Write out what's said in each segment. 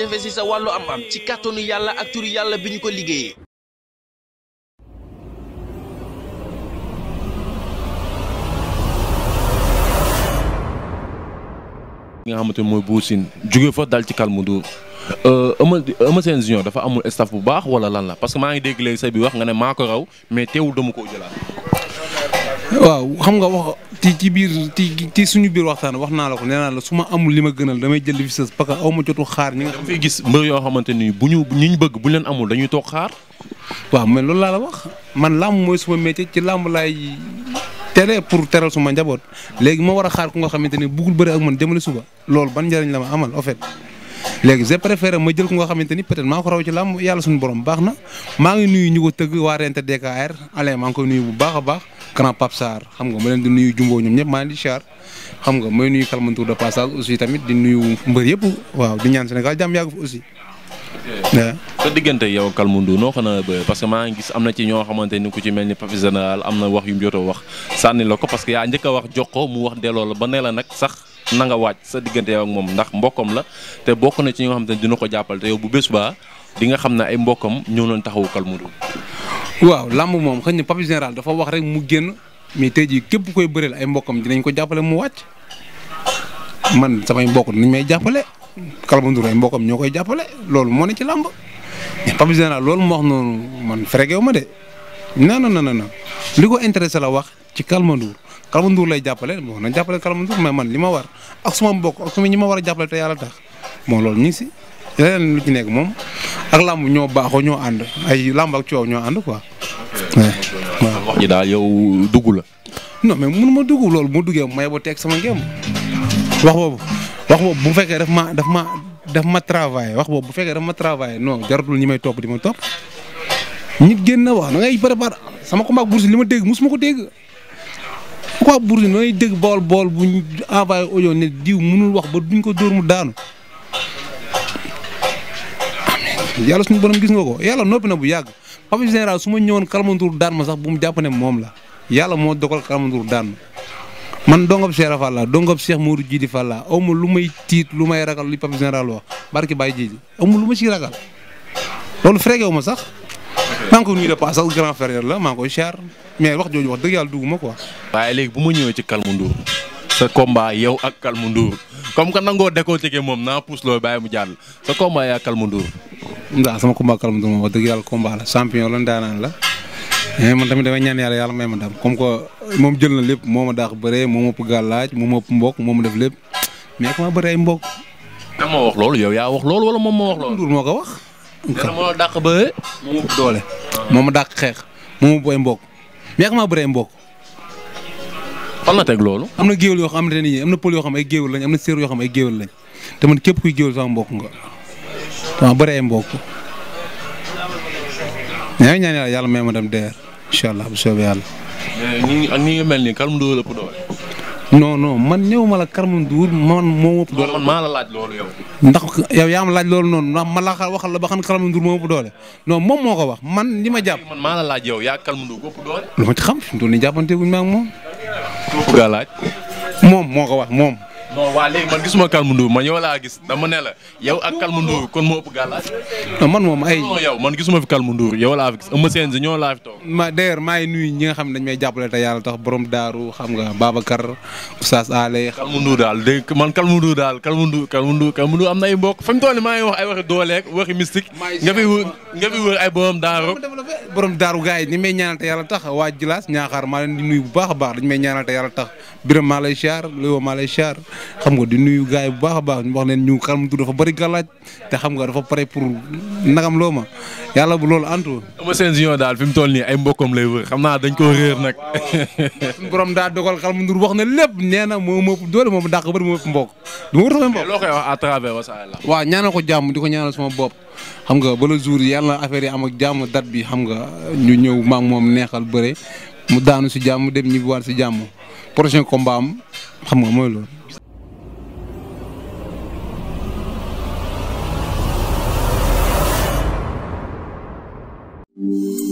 jafe sa wàllu am ci kàttanu yàlla ak turu yàlla bi ñu ko liggéeyee. nga xamante mooy Bour Sine jóge fa dal ci Calme Ndour euh, Eumeu Eumeu Sène Junior dafa amul staff bu baax wala lan la parce que maa ngi dégg léegi say bi wax nga ne maa ko raw mais teewul dama ko jëlaat. waaw xam nga wax ci ci biir ci ci suñu biir waxtaan wax naa la ko nee naa la su ma amul li ma gënal damay jël fi sës parce que aw ma jotu xaar ñi nga xam gis mbër yoo xamante ni bu ñu ñi ñu bëgg bu ñu leen amul dañuy toog xaar waaw mais loolu laa la wax man làmb mooy suma métier ci làmb laay tere pour teral suma njaboot léegi ma war a xaar ku nga xamante ni bëggul bëri ak man demale suba loolu ban njëriñ la ma amal en léegi j'ai préféré ma jël ko nga xamante ni peut-être maa ko raw ci làmb yàlla suñu borom baax na maa ngi nuyu ñu ko tëgg waa Rente DKR Alain maa ngi koy nuyu bu baax a baax grand Pape Sarr xam nga ma leen di nuyu Jumbo ñoom ñëpp maa ngi di char xam nga may nuyu kalmantour de passage aussi tamit di nuyu mbër yëpp waaw di ñaan Sénégal jàmm yàgg fa aussi sa diggante yow Kalmundu noo xam ne parce maa ngi gis am na ci ñoo xamante ni ku ci mel ni papi général na wax yu mu wax sànni la ko parce que yaa njëkk a wax jox ko wax delloo la ba la nag sax na waaj sa diggante yow moom ndax mbokkam la te bokk na ci ñoo xam te dina ko jàppale te yow bu bés baa di nga xam ne ay mbokkam ñoo nañ taxawu Kalmu Ndour. waaw làmb moom xëy ne Pape Général wax rek mu génn mais tey jii képp koy bëreel ay mbokkam dinañ ko jàppale mu samay mbokk dinañ may jàppale Kalmu Ndour ay ñoo koy jàppale loolu moo ne ci làmb mais Pape loolu mu wax noonu man frégew ma de na na na non li ko intéressé la wax ci Kalmu Kalma Ndour lay jàppale bon nañ jàppale Kalma Ndour mais man li ma war ak suma mbokk ak suma ñi ma war a jàppale yàlla tax moo loolu ñu ngi si lu ci nekk moom ak làmb ñoo baaxoo ñoo ànd ay làmb ak coow ñoo ànd quoi. waaw wax ji daal yow dugg la. non mais mënu ma dugg loolu mu duggee may ba teg sama ngéem wax boobu bu fekkee daf ma daf ma daf ma travail wax boobu bu fekkee daf ma travail non jaratul ñi may topp di ma topp. nit génn wax da ngay préparé sama combat bourse li ma dégg mosuma ko dégg pourquoi Bour Sine nooy dégg bool bool bu ñu envoyé audio ne diw mënul wax ba duñ ko dóor mu daanu. yàlla suñu borom gis nga ko yàlla noppi na bu yàgg Pape Général su ma ñëwoon Kalmandour daan ma sax bu mu jàpp ne moom la yàlla moo dogal Kalmandour daan man dongab Cheikh Fall la dongab Cheikh Modou Djidi Fall la aw ma lu may tiit lu may ragal li Pape barki Baye aw ma lu ma ciy ragal loolu frégewu maa ngi ko nuyu de passe sax grand frère la maa ngi koy char mais wax jooju wax dugguma quoi. waaye léegi bu ma ñëwee ci Calme Ndour sa combat yow ak Calme Ndour comme que nangoo décortiquer moom naa pousse looy bàyyi mu jàll sa combat yaa a Ndour. waaw sama combat Calme moom wax dëgg yàlla combat la champion la ndaanaan la. mais eh, man tamit damay ñaan yàlla yàlla may ma dam moom moo ma daax bëree moo ma ëpp gàllaaj moo moo ma def lépp mais ak maa bëri ay mbokk. kan moo wax loolu yow yaa wax loolu wala moom moo wax loolu. dana moo dàq bëre moo ma doole. moo ma dàq xeex moo ma booy mbokk mais ak maa bëree mbokk. fan la teg loolu. am na géwél yoo xam ne nii am na pël yoo xam ay géwél lañ am na séer yoo xam ay géwél lañ te man képp kuy géwél sama mbokk nga waaw bëree mbokk. yaa ngi ñaan yàlla yàlla may ma dem deer incha allah bu soobee yàlla. mais ni ak noonu man ñëw ma la Carmou Ndour man moo ëpp doole. man maa la laaj loolu yow. ndax yow yaam ma laaj loolu noonu ndax man laa waxal la ba xam Carmou Ndour moo ëpp doole non moom moo ko wax man li ma jàpp. man maa la laaj yow yaa Carmou Ndour ëpp doole. lu ma ci xam fi moom moo ko wax moom. non waa léegi man gisuma Calm Ndour man yow laa gis dama ne la yow ak Calm Ndour kon moo ëpp gàllaaj. non man moom ay non yow man gisuma fi Calm Ndour yow laa fi gis Eumeu Sène ñoo laa fi toog. ma d'ailleurs maa ngi nuyu ñi nga xam ne dañ may jàppale te yàlla tax borom daaru xam nga Babacar Oustaz Ale. Calm Ndour daal dégg man Calm Ndour daal Calm Ndour Calm Ndour Calm Ndour am na ay mbokk fa mu toll nii maa ngi wax ay waxi dooleeg waxi mystique. nga fi wër nga fi wër ay borom daaru. borom yi ni may ñaanal te yàlla tax waa Jilaas ñaaxaar maa leen di nuyu bu baax a baax dañ may ñaanal te tax Birame maa lay siyaar Léo lay siyaar xam nga di nuyu gars yi baax a baax ñu wax ne ñu xaram tu dafa bëri gàllaaj te xam nga dafa pare pour nagam loo ma yàlla bu loolu antu ama seen union daal fi mu toll nii ay mbokkam lay wër xam naa dañ koo xeer nag suñu borom daa dogal xaram ndur wax na lépp nee na moo ma doole moom dàq bëri moo ëpp du ma wër sama mbokk loo koy wax à travers Wassare Lamb waaw ñaanal ko jàmm di ko ñaanal sama bopp xam nga ba le jour yàlla affaire yi am ak jàmm date bi xam nga ñu ñëw maak moom neexal bëre mu daanu si jàmm dem ñibbiwaat si jàmm prochain combat xam nga mooy loolu.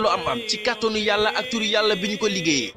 wàllu am-am ci kàttanu yàlla ak turu yàlla bi ñu ko liggéeyee